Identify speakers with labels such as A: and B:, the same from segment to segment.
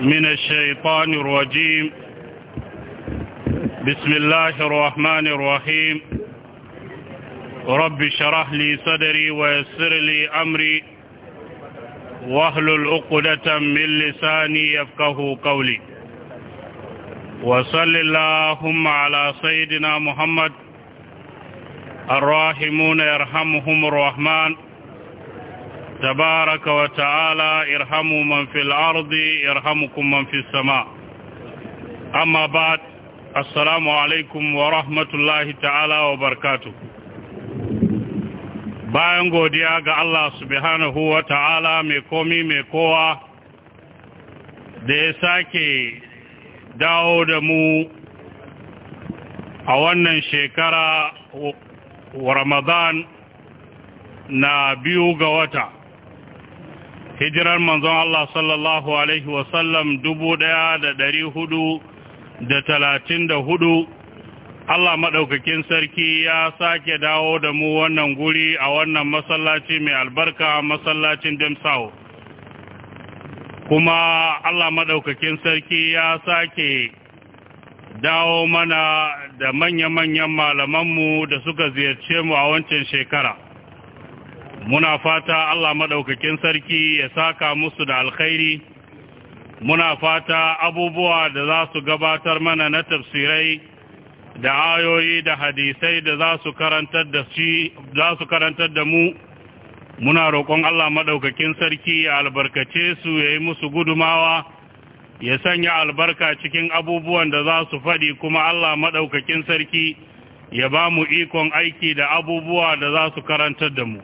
A: من الشيطان الرجيم بسم الله الرحمن الرحيم رب شرح لي صدري ويسر لي أمري واهلل العقدة من لساني يفقه قولي وصل اللهم على سيدنا محمد الراحمون يرحمهم الرحمن تبارك وتعالى ارحموا من في الأرض يرحمكم من في السماء أما بعد السلام عليكم ورحمة الله تعالى وبركاته bayan godiya ga Allah subhanahu wa ta'ala mai komi mai kowa da ya sake dawo da mu a wannan shekara Ramadan na biyu ga wata hijirar manzon Allah sallallahu Alaihi wasallam dubu ɗaya da ɗari hudu da talatin da hudu Allah maɗaukakin sarki ya sake dawo da mu wannan guri a wannan masallaci mai albarka masallacin Demsau kuma Allah maɗaukakin sarki ya sake dawo mana da manya-manyan malamanmu da suka ziyarce mu a wancan shekara muna fata Allah maɗaukakin sarki ya saka musu da alkhairi muna fata abubuwa da za su gabatar mana na tafsirai da ayoyi da hadisai da za su karantar da shi za karantar da mu muna roƙon Allah maɗaukakin sarki ya albarkace su ya yi musu gudumawa ya sanya albarka cikin abubuwan da za su faɗi kuma Allah maɗaukakin sarki ya ba mu ikon aiki da abubuwa da za su karantar da mu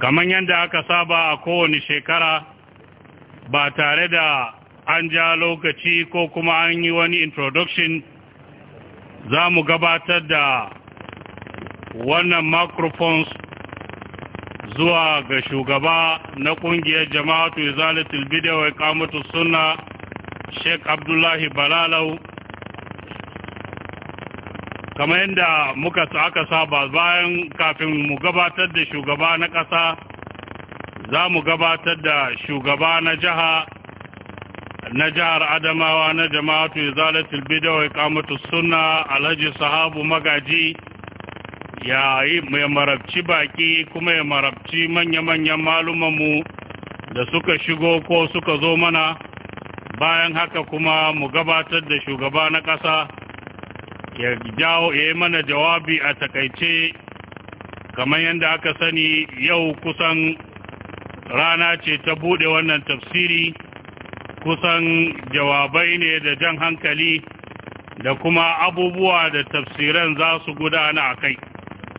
A: kamar yadda aka saba a kowane shekara ba tare da an ja lokaci ko kuma an yi wani introduction za mu gabatar da wannan microphones zuwa ga shugaba na kungiyar jama'atu izalatul bid'a wai iqamatus sunna Sheikh Abdullahi Balalau kamar yadda muka aka saba bayan kafin mu gabatar da shugaba na ƙasa za mu gabatar da shugaba na jiha na jihar adamawa na jama'atu izalatul bidawa iqamatu suna alhaji sahabu magaji ya yi mai marabci baki kuma ya marabci manya-manyan malumanmu da suka shigo ko suka zo mana bayan haka kuma mu gabatar da shugaba na ƙasa ya jawo ya mana jawabi a takaice kamar yadda aka sani yau kusan rana ce ta bude wannan tafsiri kusan jawabai ne da jan hankali da kuma abubuwa da tafsiran za su gudana a kai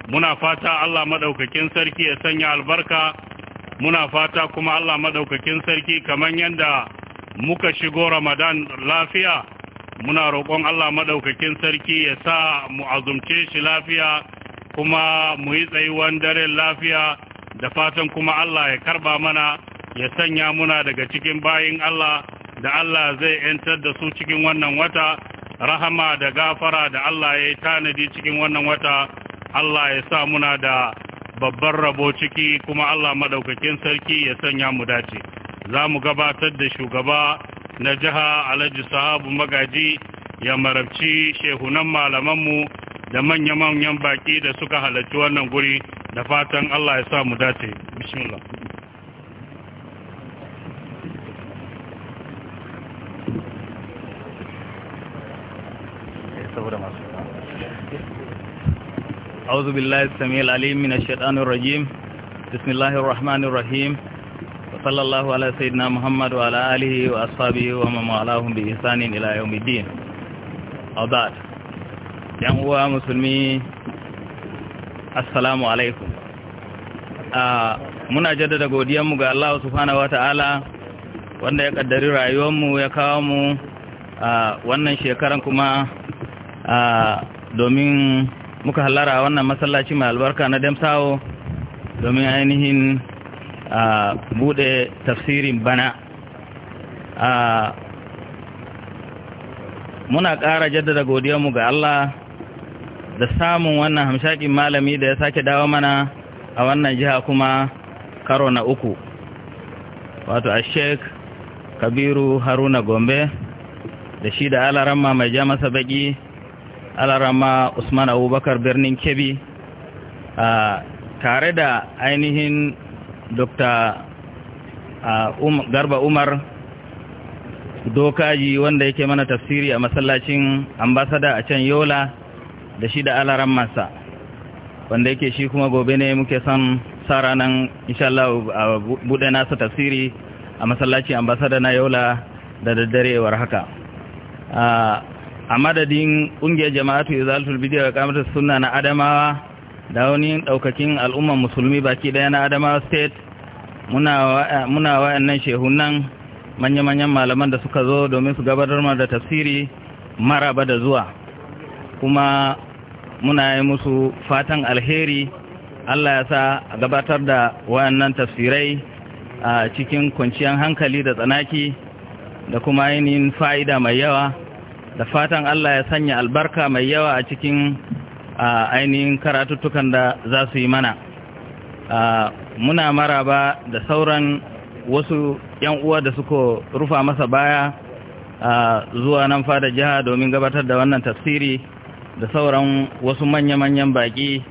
A: muna fata Allah maɗaukakin sarki ya sanya albarka muna fata kuma Allah maɗaukakin sarki kamar yadda muka shigo Ramadan lafiya muna roƙon Allah maɗaukakin sarki ya sa mu azumce shi lafiya kuma mu yi tsayuwan daren lafiya da fatan kuma Allah ya karba mana ya sanya muna daga cikin bayin Allah da Allah zai ‘yantar da su cikin wannan wata, rahama da gafara da Allah ya yi tanadi cikin wannan wata, Allah ya sa muna da babban rabo ciki kuma Allah maɗaukakin sarki ya sanya mu dace. Za mu gabatar da shugaba na jiha alhaji sahabu magaji ya marabci shehunan malamanmu da manya-manyan baki da suka halarci wannan guri da fatan Allah ya sa mu dace bismillah
B: أعوذ بالله السميع العليم من الشيطان الرجيم بسم الله الرحمن الرحيم وصلى الله على سيدنا محمد وعلى آله وأصحابه ومن والاهم بإحسان إلى يوم الدين أو بعد yan uwa musulmi assalamu alaikum muna jaddada godiyanmu ga Allah subhanahu wata'ala wanda ya kaddari rayuwarmu ya kawo mu wannan shekaran kuma domin muka hallara wannan masallaci mai albarka na damsawo domin ainihin a bude tafsirin bana a muna ƙara jaddada godiyarmu ga Allah da samun wannan hamshakin malami da ya sake dawo mana a wannan jiha kuma karo na uku wato a sheikh kabiru haruna gombe da shi da alarama mai ja masa baki alarama usman abubakar birnin Kebi tare da ainihin dr um, garba umar dokaji wanda yake mana tafsiri a masallacin ambasada a can yola da shi da alaran masa wanda yake shi kuma gobe ne muke son sa ranar inshallah a buɗe nasa tafsiri a masallacin ambasada na yola da daddarewar haka a madadin ƙungiyar jama'atu Bidiyo bidiyar kamar suna na adamawa da wani ɗaukakin al'ummar musulmi baki daya na adama state eh, muna wa'annan shehunan manya-manyan malaman da suka zo domin su gabatar da tafsiri maraba da zuwa kuma muna yi musu fatan alheri Allah ya sa a gabatar da wa'annan tafsirai a cikin kwanciyar hankali da tsanaki da kuma yin fa'ida mai yawa da fatan Allah ya sanya albarka mai yawa a cikin a ainihin karatuttukan da za su yi mana muna maraba da sauran wasu yan uwa da suka rufa masa baya zuwa nan fada jiha domin gabatar da wannan tafsiri da sauran wasu manya-manyan baki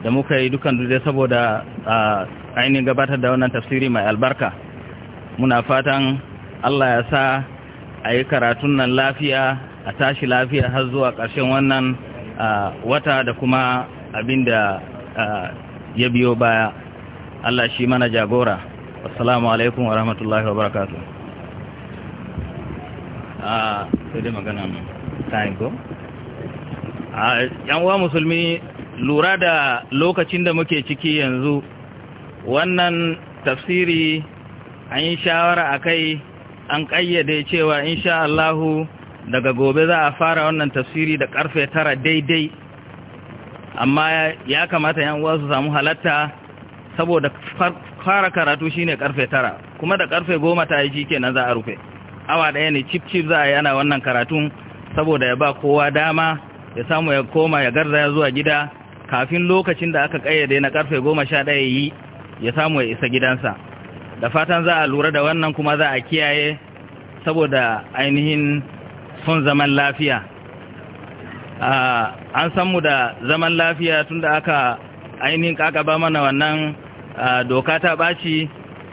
B: da muka yi dukan duje saboda ainihin gabatar da wannan tafsiri mai albarka muna fatan Allah ya sa a yi karatun nan lafiya a tashi lafiya har zuwa ƙarshen wannan wata da kuma abinda ya biyo baya Allah shi mana jagora assalamu alaikum wa rahmatullahi wa barakatu a sai dai magana a yan uwa musulmi lura da lokacin da muke ciki yanzu wannan tafsiri an yi shawara akai an kayyade cewa insha Allahu daga gobe za a fara wannan tafsiri da karfe tara daidai amma ya kamata yan uwa su samu halatta saboda fara karatu shine karfe tara kuma da karfe goma ta yi kenan za a rufe awa daya ne cip cip za a yana wannan karatun saboda ya ba kowa dama ya samu ya koma ya garza ya zuwa gida kafin lokacin da aka kayyade na karfe goma sha daya yi ya samu ya isa gidansa da fatan za a lura da wannan kuma za a kiyaye saboda ainihin son zaman lafiya an san mu da zaman lafiya tun da aka ainihin ba mana wannan doka ta ɓaci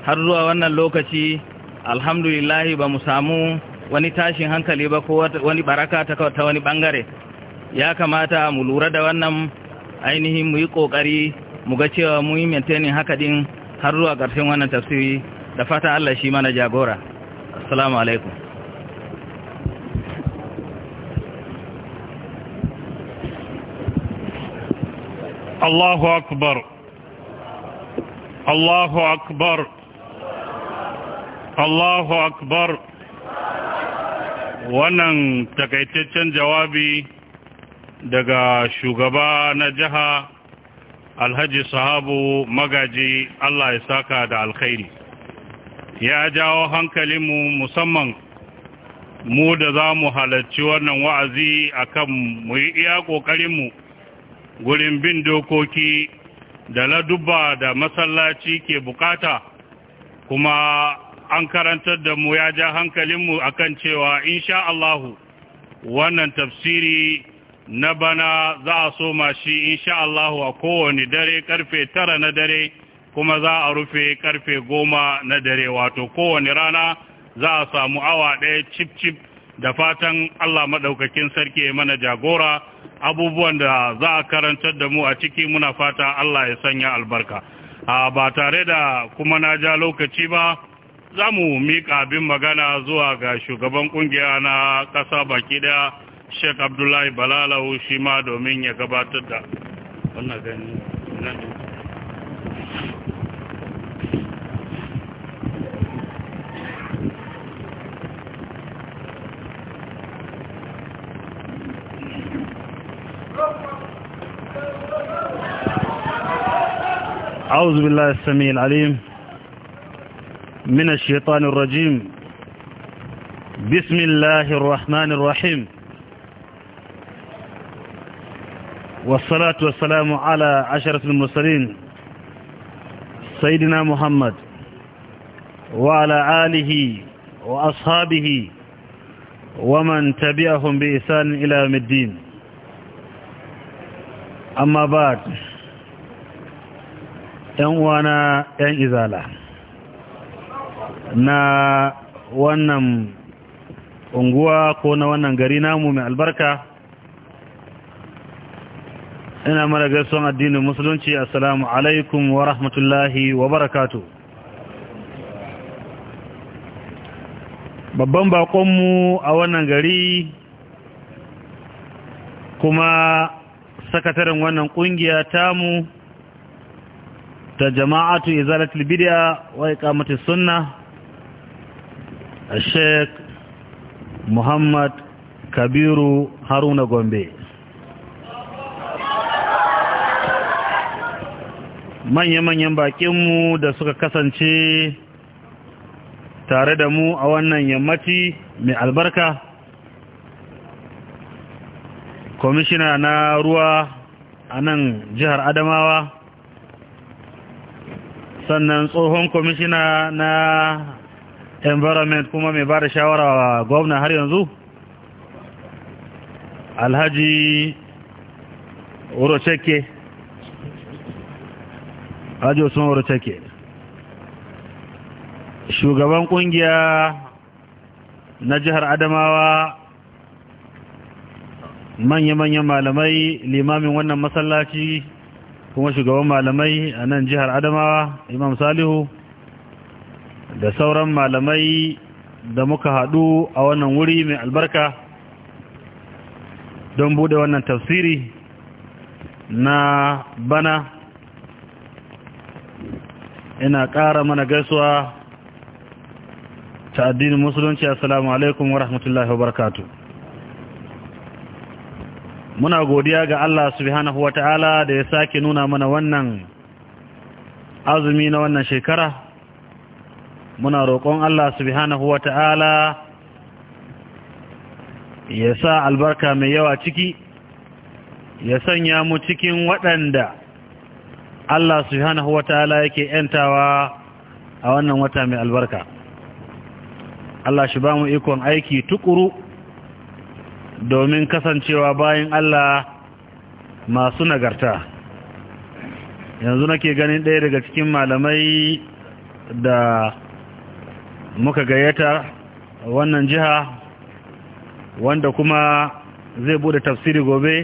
B: har zuwa wannan lokaci alhamdulillahi ba mu samu wani tashin hankali ba ko wani baraka ta wani bangare ya kamata mu lura da wannan ainihin mu yi kokari mu ga cewa mu yi mintanin haka har zuwa ƙarshen wannan tafsiri da fata Allah shi mana jagora assalamu alaikum
A: الله أكبر الله أكبر الله أكبر wannan takaitaccen jawabi daga shugaba na jiha alhaji sahabu magaji Allah ya saka da alkhairi ya jawo hankalinmu musamman mu da za mu halarci wannan wa'azi akan mu yi iya ƙoƙarinmu gurin bin dokoki da ladubba da masallaci ke bukata kuma an karantar da mu ya ja hankalinmu a kan cewa insha Allahu wannan tafsiri na bana za a soma shi insha Allahu a kowane dare karfe tara na dare kuma za a rufe karfe goma na dare wato kowane rana za a samu awa ɗaya cip cip da fatan Allah maɗaukakin sarki ya mana jagora abubuwan da za a karantar da mu a ciki muna fata Allah ya sanya albarka a ba tare da kuma na ja lokaci ba za mu miƙa abin magana zuwa ga shugaban ƙungiya na ƙasa baki ɗaya sheik abdullahi balalau shi ma domin ya gabatar da wannan gani
C: أعوذ بالله السميع العليم من الشيطان الرجيم بسم الله الرحمن الرحيم والصلاة والسلام على عشرة المرسلين سيدنا محمد وعلى آله وأصحابه ومن تبعهم بإحسان إلى يوم الدين أما بعد 'yan uwana 'yan izala na wannan unguwa ko na wannan gari namu mai albarka ina mara gaisuwan addinin musulunci assalamu alaikum wa rahmatullahi wa barakatu babban bakonmu a wannan gari kuma sakataren wannan kungiya tamu ta jama'atu izalatul bid'a wa iqamatus sunna sheik Muhammad Kabiru Haruna Gombe manya-manyan bakinmu da suka kasance tare da mu a wannan yammaci mai albarka kwamishina na ruwa a nan jihar Adamawa sannan tsohon kwamishina na environment kuma mai ba da shawara wa gwamna har yanzu alhaji uroceke alhaji osman shugaban kungiya na jihar adamawa manya-manyan malamai limamin wannan masallaci kuma shugaban malamai a nan jihar adamawa imam salihu da sauran malamai da muka hadu a wannan wuri mai albarka don bude wannan tafsiri na bana ina ƙara mana gaisuwa ta addinin musulunci assalamu alaikum wa rahmatullahi wa barakatuh muna godiya ga Allah subhanahu wa ta'ala da ya sake nuna mana wannan azumi na wannan shekara muna roƙon Allah subhanahu wa ta'ala ya sa albarka mai yawa ciki ya sanya mu cikin waɗanda Allah subhanahu wa ta'ala yake ‘yantawa a wannan wata mai albarka Allah shi ba mu ikon aiki tukuru domin kasancewa bayan Allah masu nagarta yanzu nake ganin ɗaya daga cikin malamai da muka gayyata wannan jiha wanda kuma zai bude tafsiri gobe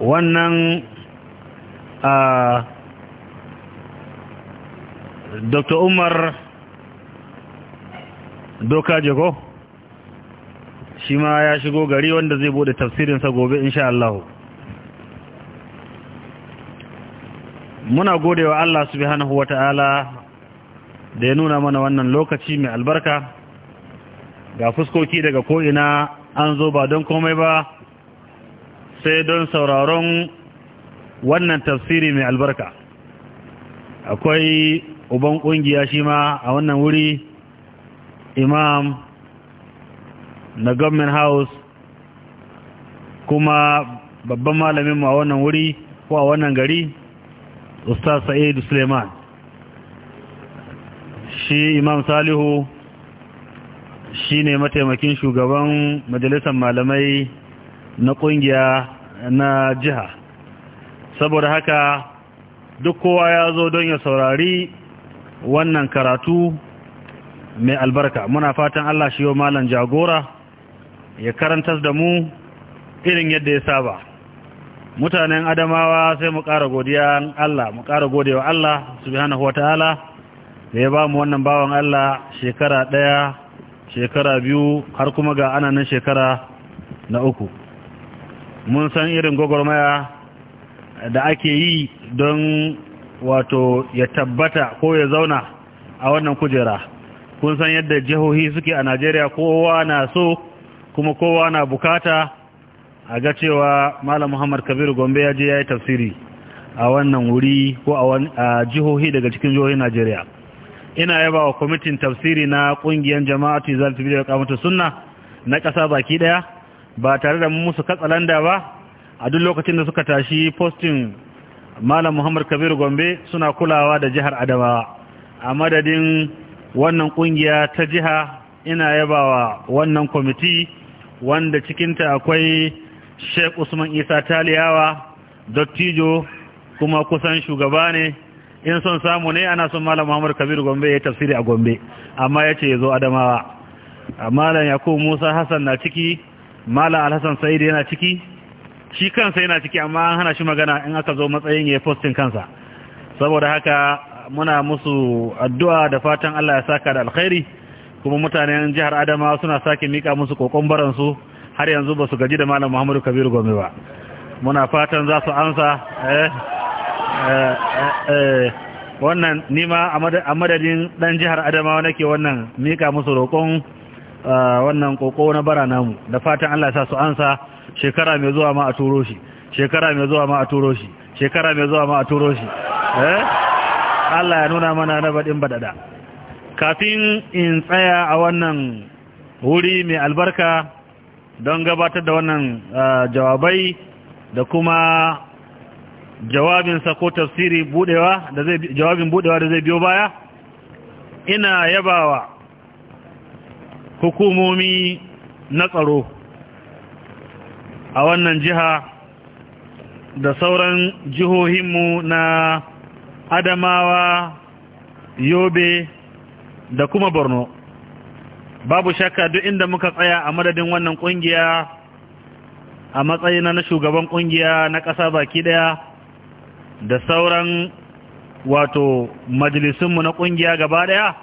C: wannan a ah, dr umar doka jago shi ma ya shigo gari wanda zai bude tafsirinsa gobe insha Allah muna gode wa Allah subhanahu ta'ala da ya nuna mana wannan lokaci mai albarka ga fuskoki daga ko'ina an zo ba don komai ba sai don sauraron wannan tafsiri mai albarka akwai uban ƙungiya shi ma a wannan wuri imam na government house kuma babban malaminmu a wannan wuri ko a wannan gari ustaz sa'id suleiman shi imam salihu shi ne mataimakin shugaban majalisar malamai na ƙungiya na jiha saboda haka duk kowa ya zo don ya saurari wannan karatu mai albarka muna fatan Allah shi yau malam jagora ya karantar da mu irin yadda ya saba mutanen adamawa sai mu ƙara godiya Allah mu ƙara godewa Allah subhanahu wataala da ya ba mu wannan bawan Allah shekara ɗaya shekara biyu har kuma ga ana nan shekara na uku mun san irin gwagwarmaya da ake yi don wato ya tabbata ko ya zauna a wannan kujera kun san yadda jihohi suke a najeriya kowa na so kuma kowa na bukata a ga cewa malam muhammad kabiru gombe ya je ya yi tafsiri a wannan wuri ko a jihohi daga cikin jihohin najeriya ina yaba wa kwamitin tafsiri na kungiyar jama'atu zalta da kamata sunna na kasa baki ɗaya ba tare da musu katsalanda ba a duk lokacin da suka tashi postin malam muhammad kabir gombe suna kulawa da jihar adamawa a madadin wannan kungiya ta jiha ina yabawa wannan kwamiti wanda cikinta akwai sheik usman isa taliyawa dottijo kuma kusan shugaba ne in son samu ne ana son malam muhammad kabir gombe ya tafsiri a gombe amma yace ce zo adamawa malam yakubu musa hassan na ciki malam alhassan sa'id yana ciki shi kansa yana ciki amma an hana shi magana in aka zo matsayin ya postin kansa saboda haka muna musu addu'a da fatan Allah ya saka da alkhairi kuma mutanen jihar Adama suna sake mika musu kokon baran su har yanzu ba su gaji da malam Muhammadu Kabiru Gombe ba muna fatan za su ansa eh eh, eh eh wannan nima a madadin dan jihar Adamawa nake wannan mika musu roƙon eh, wannan koko na bara namu da fatan Allah ya sa su ansa shekara mai zuwa ma a turo shi shekara mai zuwa ma a turo shi shekara mai zuwa ma a turo shi eh Allah ya nuna mana na badin badada kafin in tsaya a wannan wuri mai albarka don gabatar da wannan eh, jawabai da kuma jawabinsa ko tafsiri budewa da zai jawabin budewa da zai biyo baya ina yabawa hukumomi na tsaro a wannan jiha da sauran jihohinmu na adamawa yobe da kuma borno babu shakka duk inda muka tsaya a madadin wannan ƙungiya, a matsayina na shugaban ƙungiya na ƙasa baki ɗaya da sauran wato majalisunmu na ƙungiya gaba ɗaya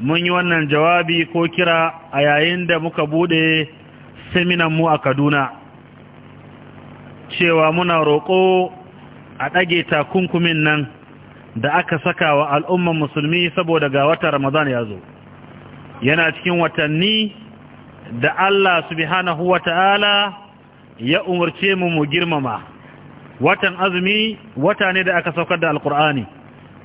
C: mun yi wannan jawabi ko kira a yayin da muka bude seminan mu a kaduna cewa muna roƙo a ɗage takunkumin nan da aka saka wa al'umman musulmi saboda ga wata ramadan ya zo yana cikin watanni da Allah subhanahu wa ta'ala ya umarce mu mu girmama watan azumi wata ne da aka saukar da alƙur'ani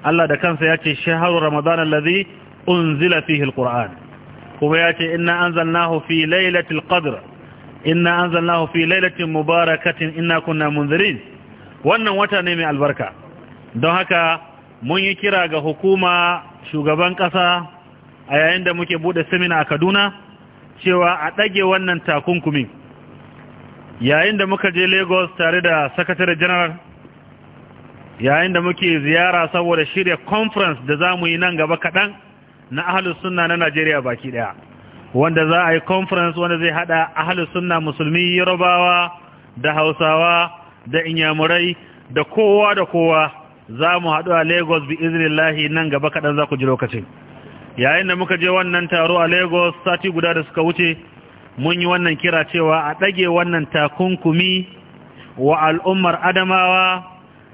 C: Allah da kansa ya ce shaharu ramadan allazi unzila fihi alƙur'an kuma ya ce an zanna fi lailatul qadr inna anzalnahu fi lailatin mubarakatin inna kunna munzirin wannan wata ne mai albarka don haka mun yi kira ga hukuma shugaban kasa a yayin da muke bude semina a Kaduna cewa a dage wannan takunkumi yayin da muka je Lagos tare da Secretary General yayin da muke ziyara saboda shirya conference da zamu yi nan gaba kaɗan na ahlus sunna na Najeriya baki ɗaya wanda za a yi conference wanda zai hada ahalus sunna musulmi yarbawa da hausawa da inyamurai da kowa da kowa za mu haɗu a lagos bi iznillahi nan gaba kaɗan za ku ji lokacin yayin da muka je wannan taro a lagos sati guda da suka wuce mun yi wannan kira cewa a ɗage wannan takunkumi wa al'ummar adamawa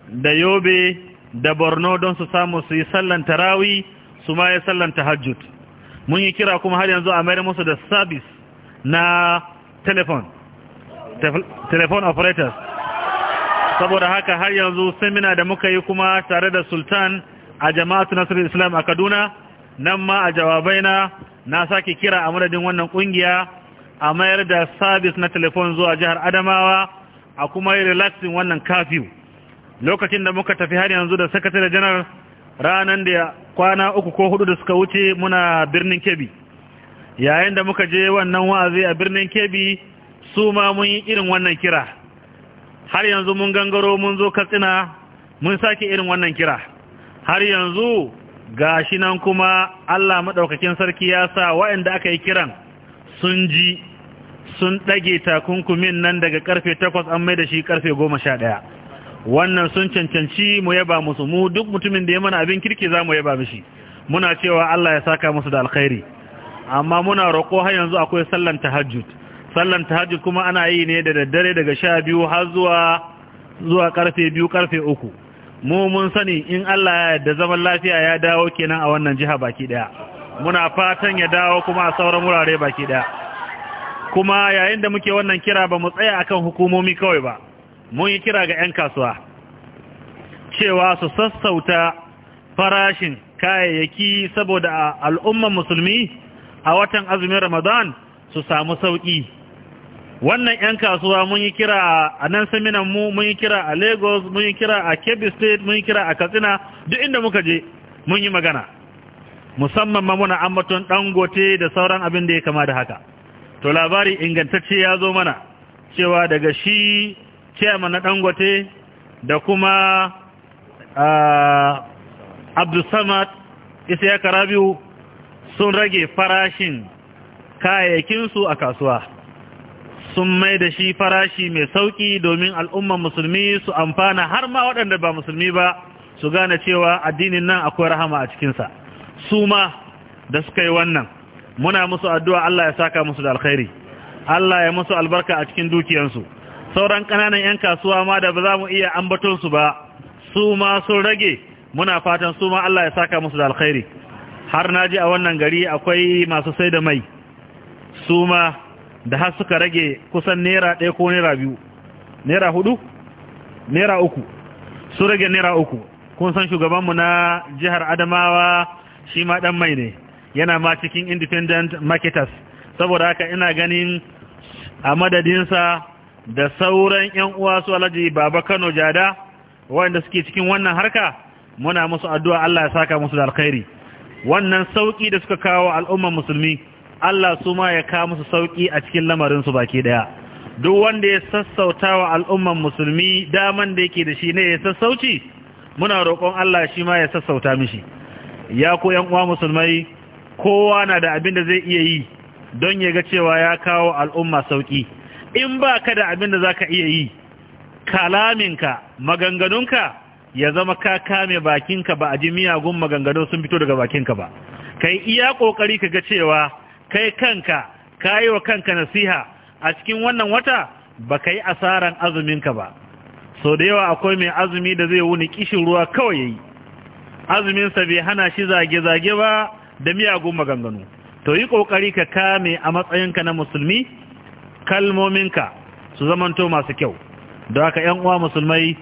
C: da yobe da borno don su samu su yi sallan tarawi su ma yi sallan tahajjud mun yi kira kuma har yanzu a mayar musu da sabis na telefon telefon operators saboda haka har yanzu semina da muka yi kuma tare da sultan a jama'atu nasarar islam a kaduna nan ma a jawabai na na sake kira a madadin wannan kungiya a mayar da sabis na telefon zuwa jihar adamawa a kuma yi relaxing wannan kafiyu lokacin da muka tafi har yanzu da sakatare janar ranan da kwana uku ko hudu da suka wuce muna birnin kebi yayin da muka je wannan wa'azi a birnin kebi su ma mun yi irin wannan kira har yanzu mun gangaro mun zo katsina mun sake irin wannan kira har yanzu gashi nan kuma Allah maɗaukakin sarki ya sa waɗanda aka yi kiran sun ji sun ɗage takunkumin nan daga karfe takwas an mai da shi karfe goma sha ɗaya wannan sun cancanci mu yaba musu mu duk mutumin da ya mana abin kirki za mu yaba mishi muna cewa Allah ya saka musu da alkhairi amma muna roƙo har yanzu akwai sallan tahajjud sallan tahajjud kuma ana yi ne da daddare daga sha biyu har zuwa zuwa karfe biyu karfe uku mu mun sani in Allah ya yarda zaman lafiya ya dawo kenan a wannan jiha baki daya muna fatan ya dawo kuma a sauran wurare baki daya kuma yayin da muke wannan kira ba mu tsaya akan hukumomi kawai ba mun yi kira ga 'yan kasuwa cewa su sassauta farashin kayayyaki saboda al'umman musulmi a watan azumin ramadan su samu sauƙi wannan 'yan kasuwa mun yi kira a nan saminan mu mun yi kira a lagos mun yi kira a kebbi state mun yi kira a katsina duk inda muka je mun yi magana musamman ma muna ambaton dangote da sauran abin da ya kama da haka to labari ingantacce ya zo mana cewa daga shi ciyama na dangote da kuma abdulsamad isa ya kara biyu sun rage farashin kayayyakinsu a kasuwa sun mai da shi farashi mai sauki domin al'umman musulmi su amfana har ma waɗanda ba musulmi ba su gane cewa addinin nan akwai rahama a cikinsa su ma da suka yi wannan muna musu addu'a Allah ya saka musu da alkhairi Allah ya musu albarka a cikin dukiyansu sauran ƙananan 'yan kasuwa ma da ba za mu iya ambatonsu ba su ma sun rage muna fatan su ma Allah ya saka musu da alkhairi har na ji a wannan gari akwai masu sai da mai su ma da har suka rage kusan naira ɗaya ko naira biyu naira hudu naira uku su rage naira uku kun san shugabanmu na jihar adamawa shi ma ɗan mai ne yana ma cikin independent marketers saboda haka ina ganin a madadinsa da sauran ‘yan uwa su alhaji baba Kano jada waɗanda suke cikin wannan harka muna musu addu'a Allah ya saka musu da alkhairi wannan sauƙi da suka kawo al'umman musulmi Allah su ma ya kawo musu sauƙi a cikin lamarinsu baki ɗaya duk wanda ya sassauta wa al'ummar musulmi daman da yake da shi ne ya sassauci muna roƙon Allah shi ma ya sassauta mishi ya ku ‘yan uwa musulmai kowa na da abin da zai iya yi don ya ga cewa ya kawo al'umma sauƙi in ba ka da abin da za ka iya yi kalaminka maganganunka ya zama ka kame bakinka ba a ji miyagun maganganun sun fito daga bakinka ba kai iya ƙoƙari ka ga cewa kai kanka ka yi wa kanka nasiha a cikin wannan wata ba ka yi asaran azuminka ba sau da yawa akwai mai azumi da zai wuni kishin ruwa kawai ya yi azuminsa bai hana shi zage-zage ba da miyagun maganganu to yi ƙoƙari ka kame a matsayinka na musulmi kalmominka su zamanto masu kyau da haka ‘yan uwa musulmai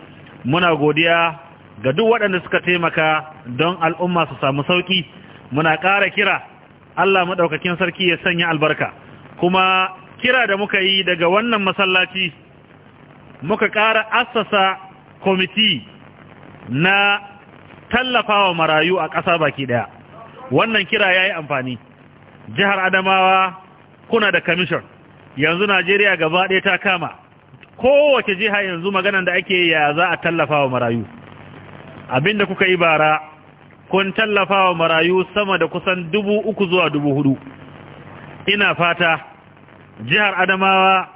C: muna godiya ga duk waɗanda suka taimaka don al'umma su samu sauƙi muna ƙara kira Allah maɗaukakin sarki ya sanya albarka kuma kira da muka yi daga wannan masallaci muka ƙara assasa kwamiti na tallafawa marayu a ƙasa baki ɗaya wannan kira ya yi amfani jihar adamawa kuna da kamishon yanzu Najeriya gaba ɗaya ta kama kowace jiha yanzu maganan da ake ya za a tallafa wa marayu abinda kuka yi bara kun tallafa wa marayu sama da kusan dubu uku zuwa dubu hudu ina fata jihar Adamawa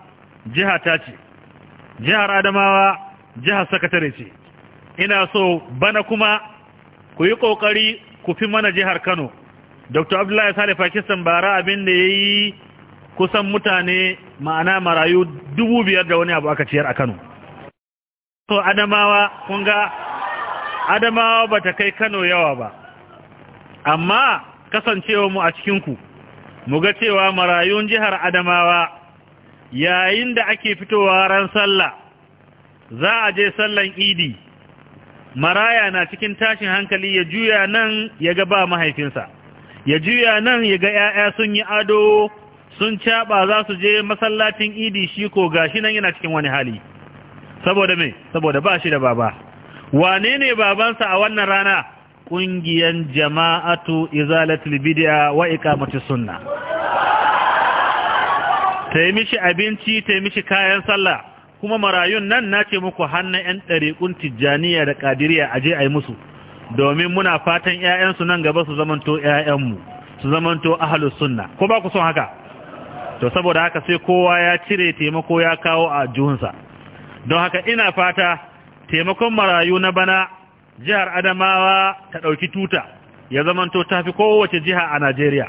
C: jiha ta ce jihar Adamawa jihar sakatare ce ina so bana kuma ku yi ƙoƙari ku fi mana jihar Kano Dr. Abdullahi Sale Pakistan bara abin da ya yi kusan mutane ma'ana marayu dubu biyar da wani abu aka ciyar a Kano. So Adamawa kun ga Adamawa ba ta kai Kano yawa ba, amma kasancewa mu a cikinku, mu ga cewa marayun jihar Adamawa yayin da ake fitowa ran sallah za a je sallan idi maraya na cikin tashin hankali ya juya nan ya ga ba mahaifinsa ya juya nan ya ga 'ya'ya sun yi ado sun caɓa za su je masallacin idi shi ko gashi nan yana cikin wani hali saboda me saboda ba shi da baba wane ne babansa a wannan rana Ƙungiyar jama'atu izalatul bid'a wa iqamati sunna ta mishi abinci ta mishi kayan sallah kuma marayun nan nace muku hannun 'yan ɗariƙun tijjaniya da ƙadiriya aje ayi musu domin muna fatan 'ya'yansu nan gaba su zamanto 'ya'yanmu su zamanto ahlus sunna ko ba ku son haka to saboda haka sai kowa ya cire taimako ya kawo a juhunsa don haka ina fata taimakon marayu na bana jihar adamawa ta ɗauki tuta ya zamanto ta fi kowace jiha a najeriya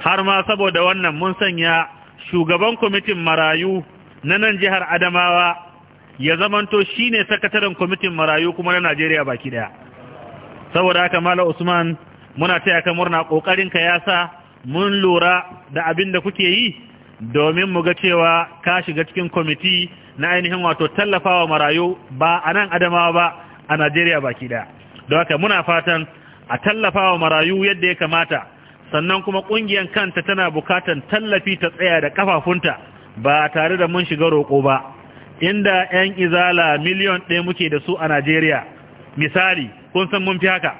C: har ma saboda wannan mun sanya shugaban kwamitin marayu na nan jihar adamawa ya zamanto shi ne sakataren kwamitin marayu kuma na najeriya baki ɗaya. saboda haka mala usman muna taya ka murna ƙoƙarinka ya sa mun lura da abin da kuke yi domin mu ga cewa ka shiga cikin kwamiti na ainihin wato tallafawa marayu ba a nan adamawa ba a Najeriya baki daya don haka muna fatan a tallafawa marayu yadda ya kamata sannan kuma ƙungiyar kanta tana bukatan tallafi ta tsaya da kafafunta ba tare da mun shiga roƙo ba inda 'yan izala miliyon ɗaya muke da su a Najeriya misali kun san mun fi haka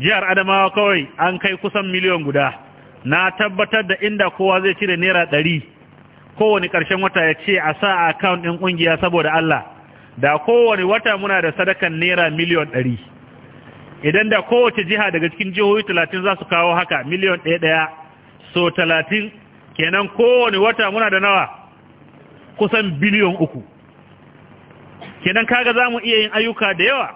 C: jihar Adamawa kawai an kai kusan miliyon guda na tabbatar da inda kowa zai cire naira ɗari kowane ƙarshen wata ya ce a sa a akawun ɗin ƙungiya saboda Allah da kowane wata muna da sadakan naira miliyon ɗari idan da kowace jiha daga cikin jihohi talatin za su kawo haka miliyon ɗaya ɗaya so talatin kenan kowane wata muna da nawa kusan biliyon uku kenan kaga za mu iya yin ayyuka da yawa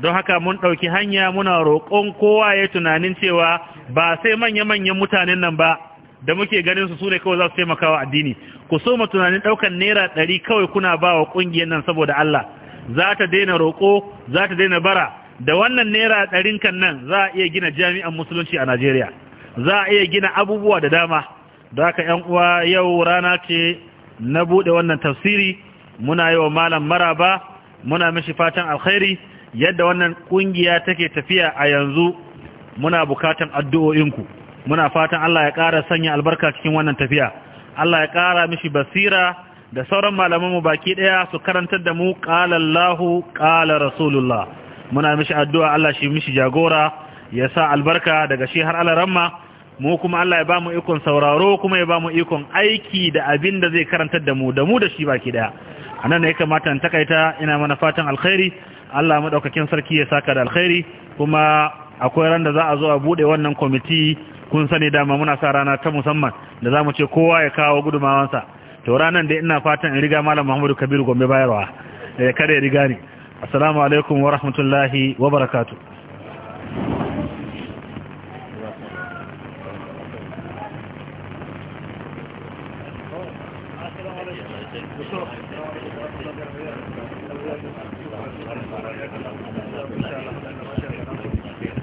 C: don haka mun ɗauki hanya muna roƙon kowa ya tunanin cewa ba sai manya-manyan mutanen nan ba da muke ganin su sune kawai za su taimaka wa addini ku so mu tunanin ɗaukan naira ɗari kawai kuna ba wa ƙungiyar nan saboda Allah za ta daina roƙo za ta daina bara da wannan naira ɗarin kan nan za a iya gina jami'an musulunci a Najeriya za a iya gina abubuwa da dama da haka ƴan uwa yau rana ce na buɗe wannan tafsiri muna yi wa malam maraba muna mishi fatan alkhairi yadda wannan ƙungiya take tafiya a yanzu muna bukatan addu'o'inku muna fatan Allah ya ƙara sanya albarka cikin wannan tafiya Allah ya ƙara mishi basira da sauran malamanmu baki ɗaya su karantar da mu ƙalallahu ƙala rasulullah muna mishi addu'a Allah shi mishi jagora ya sa albarka daga shi har alaramma mu kuma Allah ya ba mu ikon sauraro kuma ya ba mu ikon aiki da abin da zai karantar da mu da mu da shi baki ɗaya a nan ne ya kamata in takaita ina mana fatan alkhairi Allah maɗaukakin sarki ya saka da alkhairi kuma akwai ran da za a zo a bude wannan kwamiti kun sani dama muna sa rana ta musamman da za mu ce kowa ya kawo gudumawansa to ranan dai ina fatan in riga malam muhammadu kabiru gombe bayarwa eh, da ya kare riga ni assalamu alaikum wa rahmatullahi wa barakatuh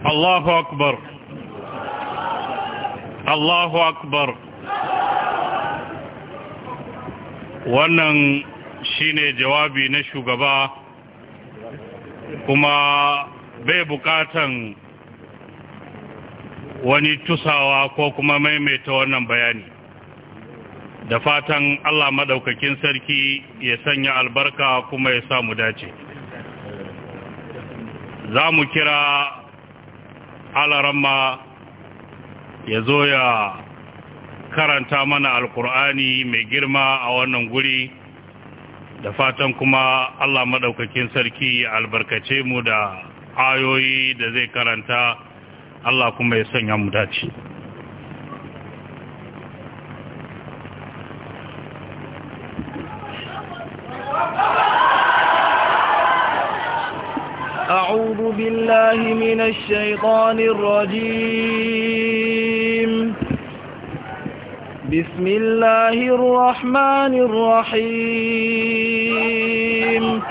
A: الله أكبر الله أكبر wannan shine jawabi na shugaba kuma bai bukatan wani tusawa ko kuma maimaita wannan bayani da fatan Allah madaukakin sarki ya sanya albarka kuma ya samu dace za mu kira alarama ya zo ya karanta mana alkur'ani mai girma a wannan guri da fatan kuma Allah maɗaukakin sarki albarkace mu da ayoyi da zai karanta Allah kuma ya sanya mu dace.
D: بالله من الشيطان الرجيم بسم الله الرحمن الرحيم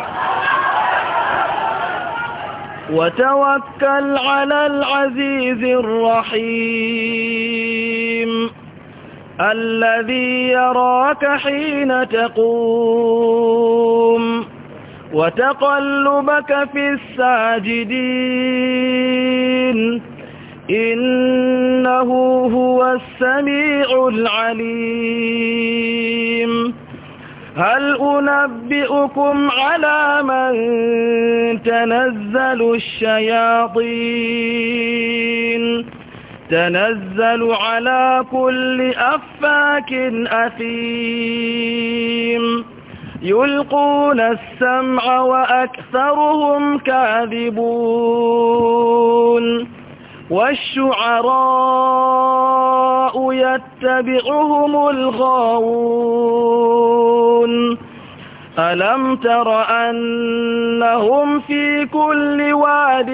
D: وتوكل على العزيز الرحيم الذي يراك حين تقوم وتقلبك في الساجدين إنه هو السميع العليم هل أنبئكم على من تنزل الشياطين تنزل على كل أفاك أثيم يلقون السمع وأكثرهم كاذبون والشعراء يتبعهم الغاوون ألم تر أنهم في كل واد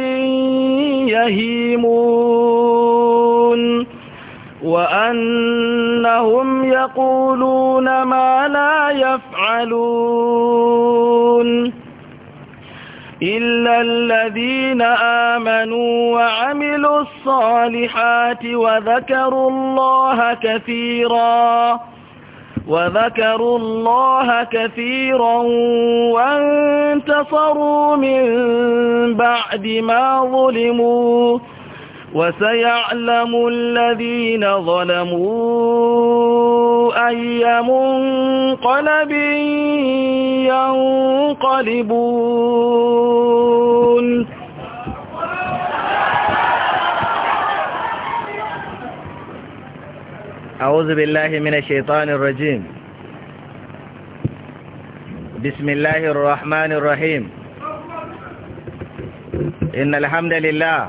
D: يهيمون وأنهم يقولون ما لا يفعلون إلا الذين آمنوا وعملوا الصالحات وذكروا الله كثيرا وذكروا الله كثيرا وانتصروا من بعد ما ظلموا وسيعلم الذين ظلموا أي منقلب ينقلبون
E: أعوذ بالله من الشيطان الرجيم بسم الله الرحمن الرحيم إن الحمد لله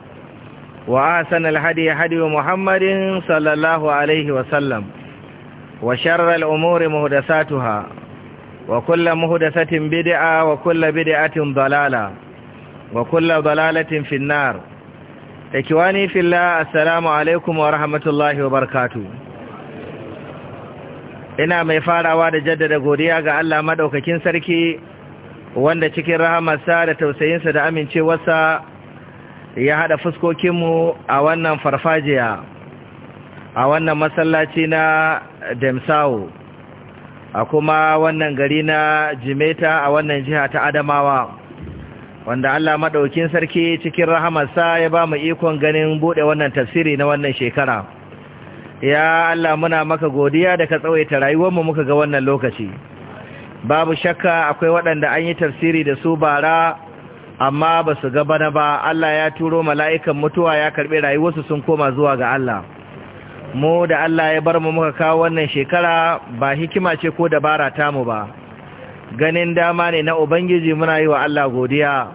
E: وآسن الهدي هدي محمد صلى الله عليه وسلم وشر الأمور مهدساتها وكل مهدسة بدعة وكل بدعة ضلالة وكل ضلالة في النار إكواني في الله السلام عليكم ورحمة الله وبركاته ina mai farawa da jaddada godiya ga Allah madaukakin sarki wanda cikin rahamarsa da tausayinsa da amincewarsa ya haɗa fuskokinmu a wannan farfajiya a wannan masallaci na Demsawo a kuma wannan gari na Jimeta a wannan jiha ta Adamawa wanda Allah maɗaukin sarki cikin rahamarsa ya ba mu ikon ganin buɗe wannan tafsiri na wannan shekara ya Allah muna maka godiya da ka tsawaita rayuwarmu muka ga wannan lokaci babu shakka akwai waɗanda an yi tafsiri da su bara amma ba su ga bana ba Allah ya turo mala'ikan mutuwa ya karɓi rayuwarsu sun koma zuwa ga Allah mu da Allah ya bar mu muka kawo wannan shekara ba hikima ce ko dabara mu ba ganin dama ne na ubangiji muna yi wa Allah godiya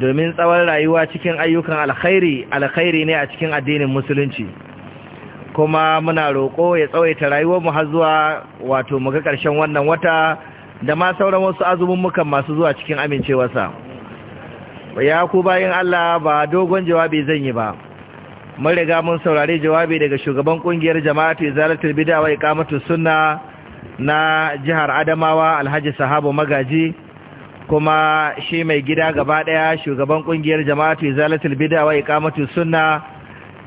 E: domin tsawon rayuwa cikin ayyukan alkhairi alkhairi ne a cikin addinin musulunci kuma muna roƙo ya tsawaita rayuwar mu har wato mu ga ƙarshen wannan wata da ma sauran wasu azumin muka masu zuwa cikin amincewarsa ya ku bayan Allah ba dogon jawabi zan yi ba mun riga mun saurari jawabi daga shugaban kungiyar jama'atu izalatul bid'a wa iqamatus sunna na jihar Adamawa Alhaji Sahabo Magaji kuma shi mai gida gaba daya shugaban kungiyar jama'atu izalatul bid'a wa iqamatus sunna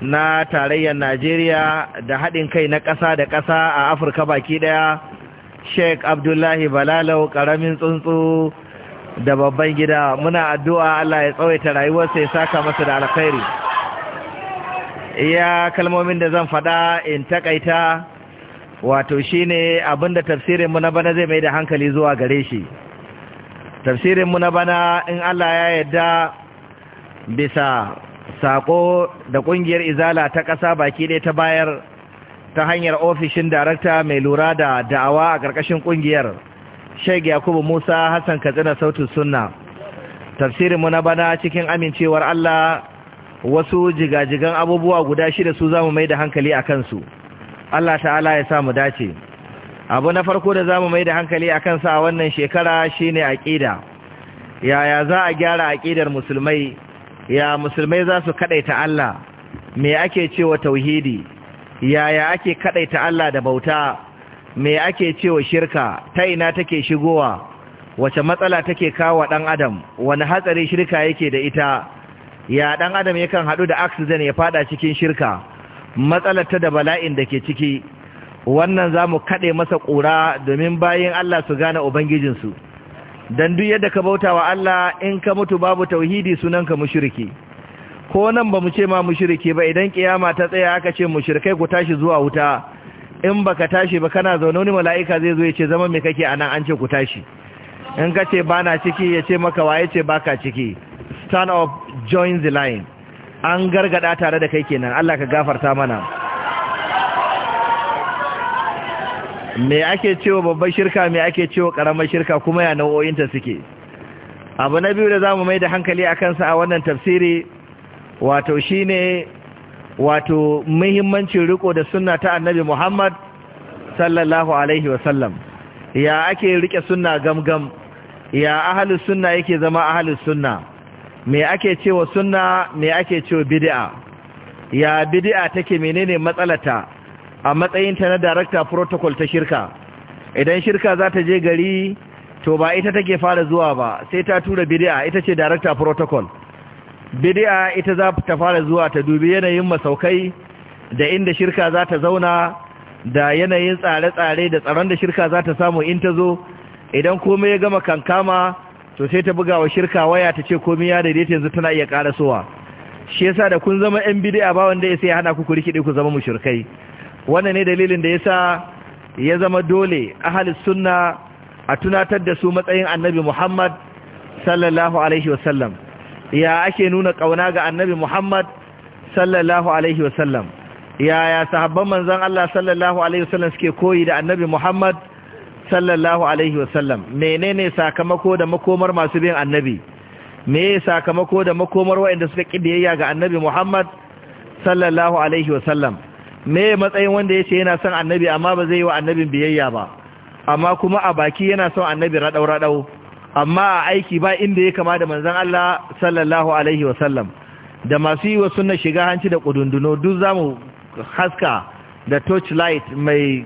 E: na tarayyar Najeriya da haɗin kai na ƙasa da ƙasa a Afirka baki daya Sheikh Abdullahi Balalau karamin tsuntsu da babban gida muna addu'a Allah ya tsawaita rayuwarsa ya saka masa da alkhairi iya kalmomin da zan faɗa in takaita wato shine abinda tafsirin mu na bana zai mai da hankali zuwa gare shi tafsirin mu na bana in Allah ya yarda bisa sako da ƙungiyar izala ta ƙasa baki ɗaya ta bayar ta hanyar ofishin darakta mai lura da da'awa a ƙarƙashin ƙungiyar. Sheikh Yakubu Musa Hassan Katsina Sautu Sunna mu na bana cikin amincewar Allah wasu jigajigan abubuwa guda shida su zamu mai da hankali a kansu Allah ta'ala ya sa mu dace abu na farko da zamu mai da hankali a kansa a wannan shekara shine aqida yaya za a gyara aqidar musulmai ya musulmai za su kadaita Allah me ake cewa tauhidi yaya ake kadaita Allah da bauta me ake cewa shirka ta ina take shigowa wace matsala take kawo dan adam wani hatsari shirka yake da ita ya dan adam yakan hadu da accident ya fada cikin shirka matsalar ta da bala'in da ke ciki wannan zamu kaɗe masa ƙura domin bayin Allah su gane ubangijin su dan duk yadda ka bauta wa Allah in ka mutu babu tauhidi sunan sunanka mushriki ko nan ba mu ce ma mushriki ba idan kiyama ta tsaya aka ce mushrikai ku tashi zuwa wuta in baka tashi ba kana zaune wani mala'ika zai zo ya ce zama me kake anan an ce ku tashi in ka ce bana ciki ya ce maka waye ce baka ciki stand up join the line an gargada tare da kai kenan Allah ka gafarta mana me ake cewa babbar shirka me ake cewa karamar shirka kuma ya ta suke abu na biyu da zamu mai da hankali a kansa a wannan tafsiri wato shine wato muhimmancin riko da sunna ta annabi Muhammad sallallahu alaihi wasallam ya ake rike sunna gamgam ya ahli sunna yake zama ahli sunna me ake cewa sunna me ake cewa bid'a ya bid'a take menene matsalata a matsayin ta na director protocol ta shirka idan shirka za ta je gari to ba ita take fara zuwa ba sai ta tura bid'a ita ce director protocol Bidi'a ita za ta fara zuwa ta dubi yanayin masaukai da inda shirka za ta zauna da yanayin tsare-tsare da tsaron da shirka za ta samu in ta zo idan komai ya gama kankama to sai ta buga wa shirka waya ta ce komai ya daidaita yanzu tana iya karasowa shi yasa da kun zama yan bidi'a ba wanda sai ya hana ku rikide ku zama mushrikai wannan ne dalilin da yasa ya zama dole ahli sunna a tunatar da su matsayin annabi Muhammad sallallahu alaihi wasallam ya ake nuna ƙauna ga annabi Muhammad sallallahu Alaihi wasallam ya sahabban manzan Allah sallallahu Alaihi wasallam suke koyi da annabi Muhammad sallallahu Alaihi wasallam menene sakamako da makomar masu bin annabi me sakamako da makomar waɗanda suka ƙidiyayya ga annabi Muhammad sallallahu Alaihi wasallam me matsayin wanda ya ce yana son annabi amma ba zai yi wa annabin biyayya ba amma kuma a baki yana son annabi raɗau-raɗau amma a aiki ba inda ya kama da manzan Allah sallallahu alaihi wasallam da masu yi wa suna shiga hanci da kudunduno duk za mu haska da torchlight mai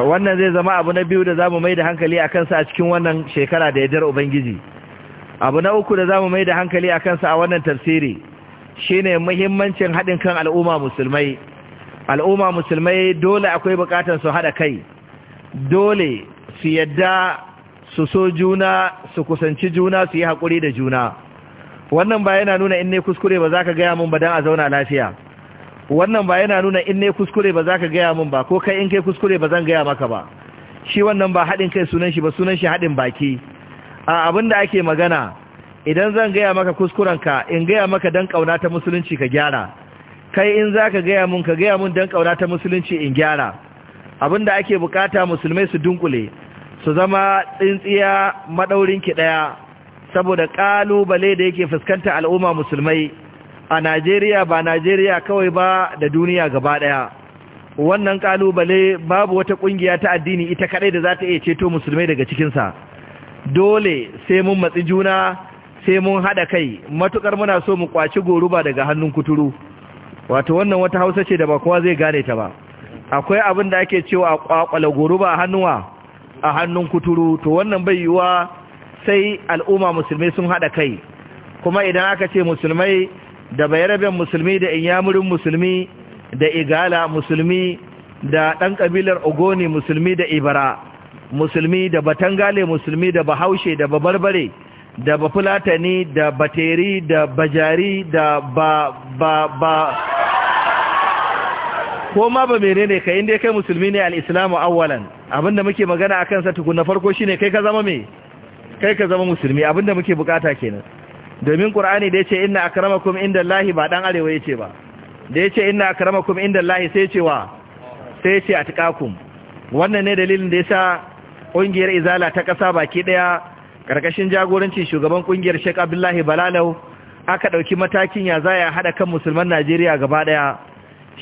E: wannan zai zama abu na biyu da za mu mai da hankali a kansa a cikin wannan shekara da yadda ubangiji abu na uku da za mu mai da hankali a kansa a wannan tafsiri ne muhimmancin haɗin kan al'umma musulmai al'umma musulmai dole akwai bukatar su haɗa kai dole su yadda su so juna su kusanci juna su yi haƙuri da juna wannan ba yana nuna in ne kuskure ba za ka gaya mun ba don a zauna lafiya wannan ba yana nuna in ne kuskure ba za ka gaya mun ba ko kai in kai kuskure ba zan gaya maka ba shi wannan ba haɗin kai sunan shi ba sunan shi haɗin baki a abin da ake magana idan zan gaya maka kuskurenka in gaya maka don ƙauna ta musulunci ka gyara kai in za ka gaya mun ka gaya mun don ƙauna ta musulunci in gyara abin da ake bukata musulmai su dunkule su zama tsintsiya maɗaurinki ɗaya saboda ƙalubale da yake fuskanta al'umma musulmai a najeriya ba najeriya kawai ba da duniya gaba ɗaya wannan ƙalubale babu wata ƙungiya ta addini ita kaɗai da za ta iya ceto musulmai daga cikinsa dole sai mun matsi juna sai mun haɗa kai matuƙar muna so mu ƙwaci goruba daga hannun kuturu wato wannan wata hausa ce da ba kowa zai gane ta ba akwai abin da ake cewa ƙwaƙwala goruba hannuwa a hannun kuturu to wannan bai yiwuwa sai al'umma musulmi sun haɗa kai kuma idan aka ce musulmai da bayaraben musulmi da inyamurin musulmi da igala musulmi da ɗan ƙabilar ogoni musulmi da ibara musulmi da batangale musulmi da bahaushe da babarbare da bafulatani da bateri da bajari da ba ba ba ko ma ba menene kai inda kai musulmi ne al-islamu awwalan abinda muke magana akan sa tukun na farko shine kai ka zama me kai ka zama musulmi abinda muke bukata kenan domin qur'ani da yace inna akramakum indallahi ba dan arewa yace ba da yace inna akramakum indallahi sai yace wa sai yace atqakum wannan ne dalilin da yasa kungiyar izala ta kasa baki daya karkashin jagorancin shugaban kungiyar Sheikh Abdullahi Balalau aka dauki matakin ya zaya hada kan musulman Najeriya gaba daya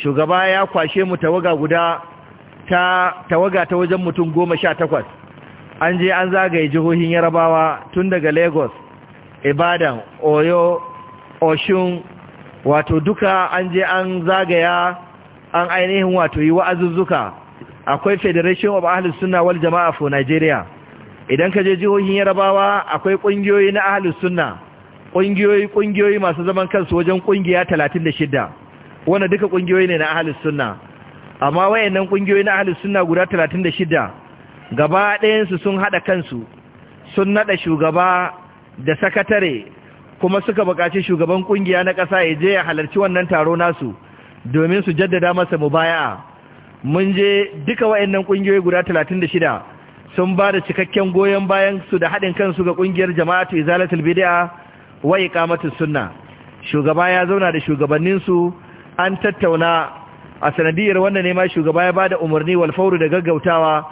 E: shugaba ya kwashe mu tawaga guda ta tawaga ta wajen mutum goma sha takwas an je an zagaye jihohin yarabawa tun daga lagos ibadan oyo oshun wato duka an je an zagaya an ainihin wato yi wa'azuzzuka akwai federation of ahlus sunna wal jama'a for nigeria idan ka je jihohin yarabawa akwai kungiyoyi na ahlus sunna kungiyoyi kungiyoyi masu zaman kansu wajen kungiya 36 wanda duka kungiyoyi ne na ahlus sunna amma wayannan kungiyoyi na ahlus sunna guda 36 gaba ɗayan su sun hada kansu sun nada shugaba da sakatare kuma suka bukaci shugaban kungiya na ƙasa ya je ya halarci wannan taro nasu domin su jaddada masa mubaya'a mun je duka wayannan kungiyoyi guda 36 sun ba da cikakken goyon bayan su da haɗin kansu ga kungiyar jama'atu izalatul bid'a wa iqamatus sunna shugaba ya zauna da shugabanninsu an tattauna a sanadiyar wanda ne ma shugaba ya bada umarni wal fauru da gaggautawa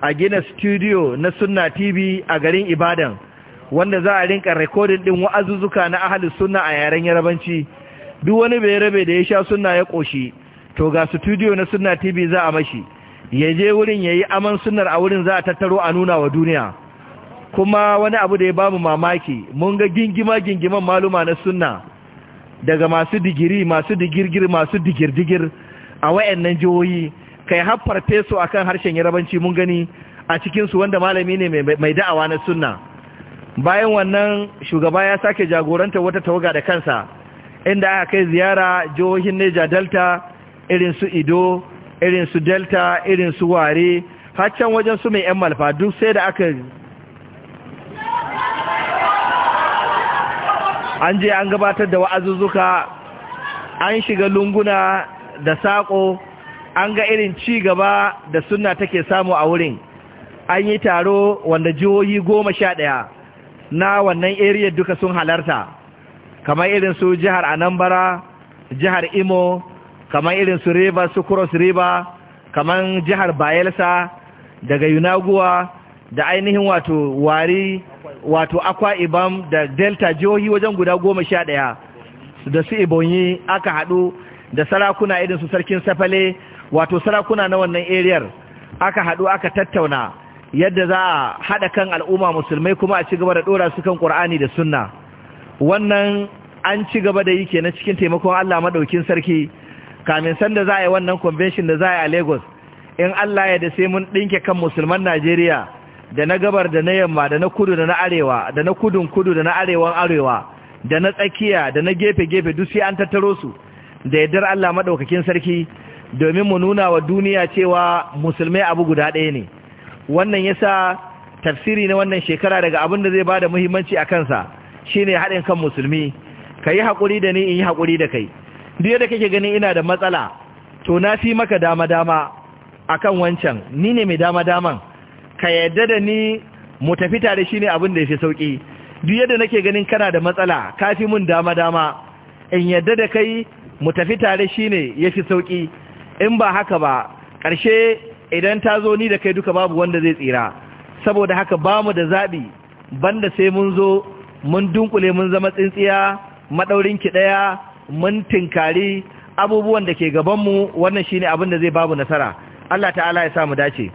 E: a gina studio na sunna tv a garin ibadan wanda za a rinka rikodin din wa'azuzzuka na ahli sunna a yaren yarabanci duk wani bai rabe da ya sha sunna ya koshi to ga studio na sunna tv za a mashi ya je wurin yayi aman sunnar a wurin za a tattaro a nuna wa duniya kuma wani abu da ya bamu mamaki mun ga gingima gingiman maluma na sunna daga masu digiri masu digirgir masu digirdigir a wayannan jihohi kai har farfeso akan harshen yarabanci mun gani a cikin su wanda malami ne mai da'awa na sunna bayan wannan shugaba ya sake jagoranta wata tawaga da kansa inda aka kai ziyara jihohin Neja Delta irin su Edo, irin su Delta irin su Ware har can wajen su mai yan malfa duk sai da aka an je an gabatar da wa'azuzzuka an shiga lunguna da saƙo an ga irin ci gaba da sunna take samu a wurin an yi taro wanda jihohi goma sha ɗaya na wannan area duka sun halarta kamar irin su jihar Anambara jihar imo kamar irin su river su cross river kamar jihar bayelsa daga yunaguwa da ainihin wato wari wato akwa ibam da delta jihohi wajen guda goma sha ɗaya da su ibonyi aka haɗu da sarakuna irin su sarkin safale wato sarakuna na wannan eriyar aka haɗu aka tattauna yadda za a haɗa kan al'umma musulmai kuma a ci gaba da ɗora su kan ƙur'ani da sunna wannan an ci gaba da yi ke na cikin taimakon allah maɗaukin sarki kamin san da za a yi wannan convention da za a yi a lagos in allah ya da sai mun ɗinke kan musulman najeriya da na gabar da na yamma da na kudu da na arewa da na kudun kudu da na arewan arewa da na tsakiya da na gefe-gefe duk sai an tattaro su da yardar Allah maɗaukakin sarki domin mu nuna wa duniya cewa musulmai abu guda ɗaya ne wannan yasa tafsiri na wannan shekara daga abin da zai ba da muhimmanci a kansa shine haɗin kan musulmi ka yi haƙuri da ni in yi haƙuri da kai duk yadda kake ganin ina da matsala to na fi maka dama-dama akan wancan ni ne mai dama-daman ka yadda da ni mu tafi tare shi ne abin da ya fi sauki duk yadda nake ganin kana da matsala kafi mun dama dama in yadda da kai mu tafi tare shi ne ya fi sauƙi, in ba haka ba ƙarshe idan ta zo ni da kai duka babu wanda zai tsira saboda haka ba mu da zaɓi banda sai mun zo mun dunkule mun zama tsintsiya maɗaurin ki ɗaya mun tinkari abubuwan da ke gabanmu wannan shine abin da zai babu nasara Allah ta'ala ya sa mu dace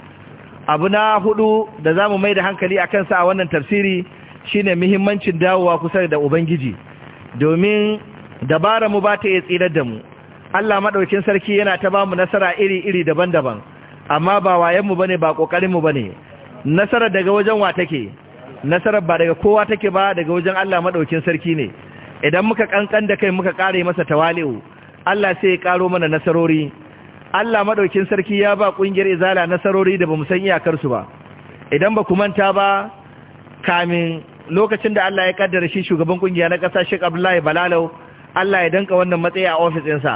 E: abu na hudu da za mu mai da hankali a kansa a wannan tafsiri shi ne muhimmancin dawowa kusa da ubangiji domin dabara mu ba ta iya tsirar da mu Allah maɗaukin sarki yana ta ba mu nasara iri-iri daban-daban amma ba wayenmu ba ne ba ƙoƙarinmu ba ne nasarar daga wajen wa take nasarar ba daga kowa take ba daga wajen Allah maɗaukin sarki ne idan muka ƙanƙan da kai muka ƙare masa tawali'u Allah sai ya ƙaro mana nasarori Allah maɗaukin sarki ya ba kungiyar izala nasarori da bamu san iyakarsu ba idan ba ku manta ba kamin lokacin da Allah ya kaddara shi shugaban kungiya na kasa Sheikh Abdullahi Balalau Allah ya danka wannan matsayi a office ɗinsa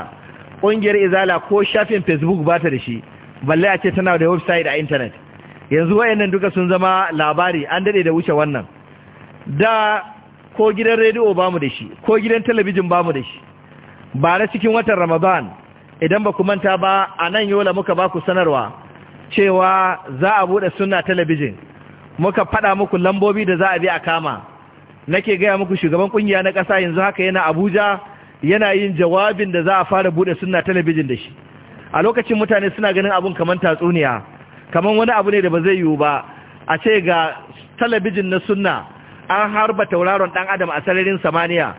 E: kungiyar izala ko shafin Facebook ba ta da shi balle a ce tana da website a internet yanzu wayannan duka sun zama labari an dade da wuce wannan da ko gidan rediyo bamu da shi ko gidan talabijin bamu da shi ba na cikin watan Ramadan idan ba ku manta ba a nan yola muka ba ku sanarwa cewa za a buɗe suna talabijin muka faɗa muku lambobi da za a bi a kama nake gaya muku shugaban ƙungiya na ƙasa yanzu haka yana abuja yana yin jawabin da za a fara buɗe suna talabijin da shi a lokacin mutane suna ganin abun kamar tatsuniya kamar wani abu ne da ba zai yiwu ba a ce ga talabijin na sunna an harba tauraron ɗan adam a sararin samaniya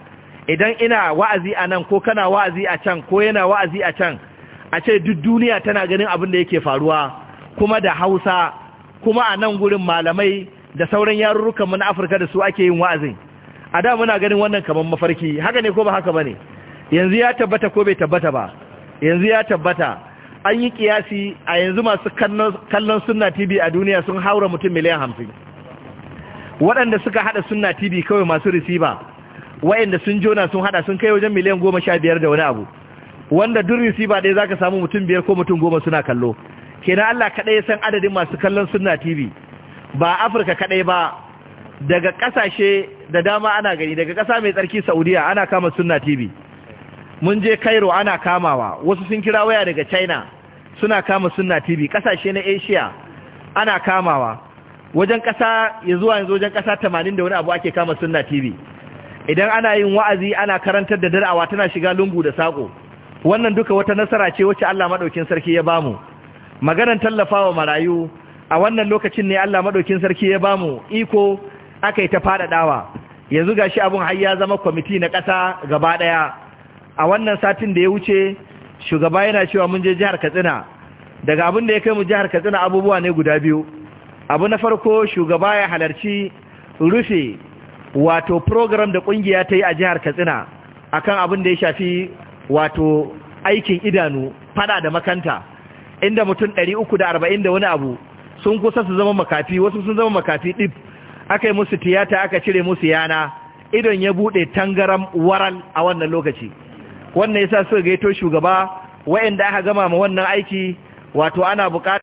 E: idan ina wa'azi a nan ko kana wa'azi a can ko yana wa'azi a can a ce duk duniya tana ganin abin da yake faruwa kuma da hausa kuma a nan gurin malamai da sauran yarurrukan mana na afirka da su ake yin wa'azin a da muna ganin wannan kamar mafarki haka ne ko ba haka ba ne yanzu ya tabbata ko bai tabbata ba yanzu ya tabbata an yi kiyasi a yanzu masu kallon sunna tv a duniya sun haura mutum miliyan hamsin waɗanda suka haɗa sunna tv kawai masu risiba wayanda sun jona sun hada sun kai wajen miliyan goma sha biyar da wani abu wanda duk risiba ɗaya zaka samu mutum biyar ko mutum goma suna kallo kenan Allah kaɗai ya san adadin masu kallon sunna TV ba Afirka kaɗai ba daga ƙasashe da dama ana gani daga ƙasa mai tsarki Saudiya ana kama sunna TV mun je Cairo ana kamawa wasu sun kira waya daga China suna kama sunna TV ƙasashe na Asia ana kamawa wajen ƙasa ya zuwa yanzu wajen ƙasa tamanin da wani abu ake kama sunna TV idan ana yin wa'azi ana karantar da darawa tana shiga lungu da sako wannan duka wata nasara ce wacce Allah maɗaukin sarki ya bamu maganar wa marayu a wannan lokacin ne Allah madaukin sarki ya bamu iko aka yi ta faɗaɗawa. yanzu gashi abun abin ya zama kwamiti na ƙasa gaba ɗaya a wannan satin da ya wuce shugaba yana cewa mun je jihar Katsina daga abin da ya kai mu jihar Katsina abubuwa ne guda biyu abu na farko shugaba ya halarci rufe wato program da kungiya ta yi a jihar katsina akan abin da ya shafi wato aikin idanu fada da makanta inda mutum 340 da wani abu sun kusa su zama makafi wasu sun zama makafi dip aka yi musu tiyata aka cire musu yana idon ya bude tangaram waral a wannan lokaci wannan yasa suka gaito shugaba wayanda aka gama ma wannan aiki wato ana buƙatar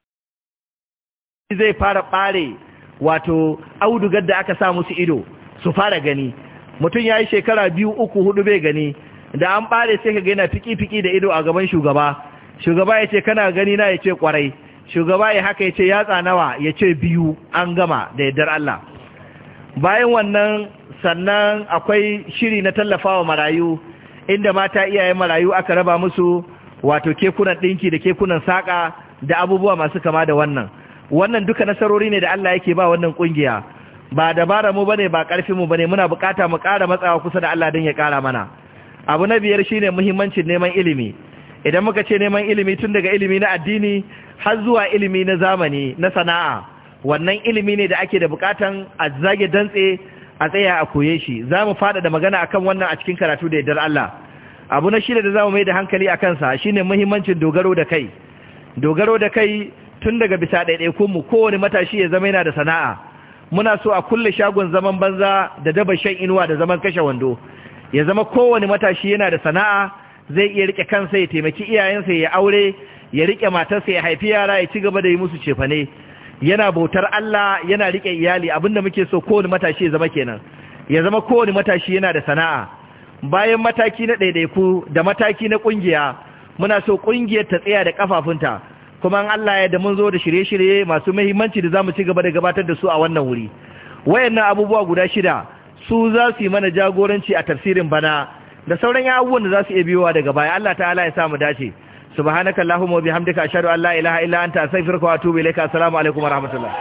E: zai fara ɓare wato audugar da aka sa musu ido su fara gani mutum ya yi shekara biyu uku hudu bai gani da an ɓare sai ka gina fiki-fiki da ido a gaban shugaba shugaba ya ce kana gani na ya ce kwarai shugaba ya haka ya ce yatsa nawa ya ce biyu an gama da dar Allah bayan wannan sannan akwai shiri na tallafawa marayu inda mata iyayen marayu aka raba musu wato kekunan ɗinki da kekunan saƙa da abubuwa masu kama da wannan wannan duka nasarori ne da Allah yake ba wannan ƙungiya ba dabara mu bane ba karfi mu bane muna bukata mu kara matsawa kusa da Allah din ya kara mana abu na biyar shine muhimmancin neman ilimi idan muka ce neman ilimi tun daga ilimi na addini har zuwa ilimi na zamani na sana'a wannan ilimi ne da ake da bukatan a zage dantse a tsaya a koye shi za mu da magana akan wannan a cikin karatu da yardar Allah abu na shida da za mu mai da hankali a kansa shine muhimmancin dogaro da kai dogaro da kai tun daga bisa ɗaiɗaikunmu kowane matashi ya zama yana da sana'a muna so a kulle shagon zaman banza da daba shan inuwa da zaman kashe wando ya zama kowane matashi yana da sana'a zai iya rike kansa ya taimaki iyayensa ya aure ya rike matarsa ya haifi yara ya ci gaba da yi musu cefane yana bautar Allah yana rike iyali abinda muke so kowane matashi ya zama kenan ya zama kowane matashi yana da sana'a bayan mataki na ɗaiɗaiku da mataki na ƙungiya muna so ƙungiyar ta tsaya da ƙafafunta kuma Allah ya da mun zo da shirye-shirye masu muhimmanci da zamu ci gaba da gabatar da su a wannan wuri wayannan abubuwa guda shida su za su yi mana jagoranci a tafsirin bana da sauran ya abubuwan da za su iya biyowa daga baya Allah ta'ala ya sa mu dace subhanaka allahumma wa bihamdika ashhadu an la ilaha illa anta astaghfiruka wa atubu ilaika assalamu alaikum wa rahmatullah